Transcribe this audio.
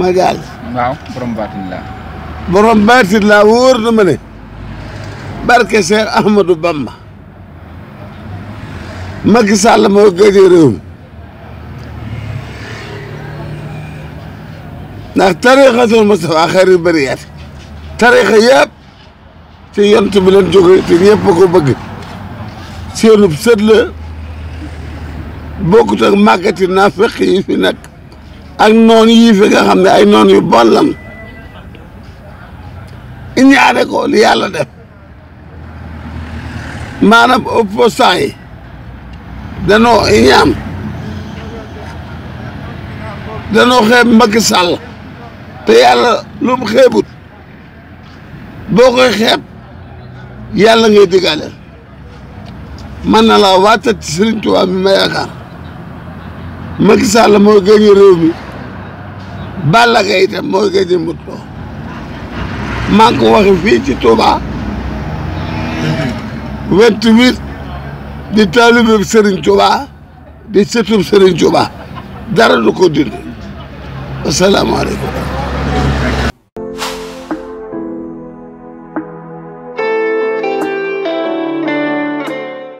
magal waaw borom baatin laa borom baatin laa wóor na ma ne barke Cheikh Ahmadou Bamba Macky Sall moo gëj a réew mi ndax tariqatul Moustapha xayril bariyaat tariqa yëpp ci yont bi leen jóge te ñëpp ko bëgg seenub sët la bokkut ak màggati naa fekk yi fi nekk ak noonu yii fi xam ne ay noon yu bon lan iñaare ko li yàlla def maanaam opposant yi danoo iñaam danoo xeeb Macky Sall te yàlla lu mu xeebut boo koy xeeb yàlla ngay digale man na laa waatat ci Sëriñ Tuubaa bi ma yaakaar Macky Sall moo gëñ réew mi Balla Gaye itam mooy gëj a Modou Lo maa ngi ko waxee fii di taalibe Serigne Touba di sëtub Serigne Touba dara du ko dindi asalaamaaleykum